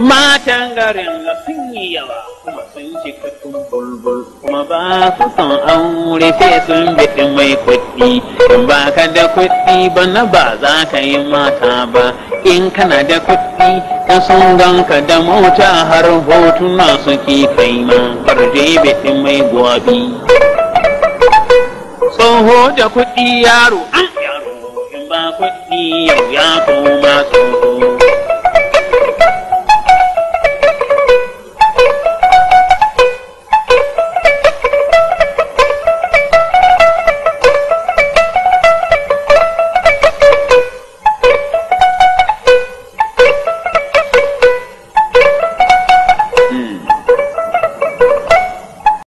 matan garin sun yi yawa kuma sun katun bulbul kuma ba su san aure sai sun biɗi mai kuɗi in ba ka da kuɗi ba na ba za ka yi mata ba in kana da kuɗi ka sun ganka da mota har hotuna ke kai ma farje biɗi mai gwabi tsoho da kuɗi yaro an yaro in ba kuɗi yau ya koma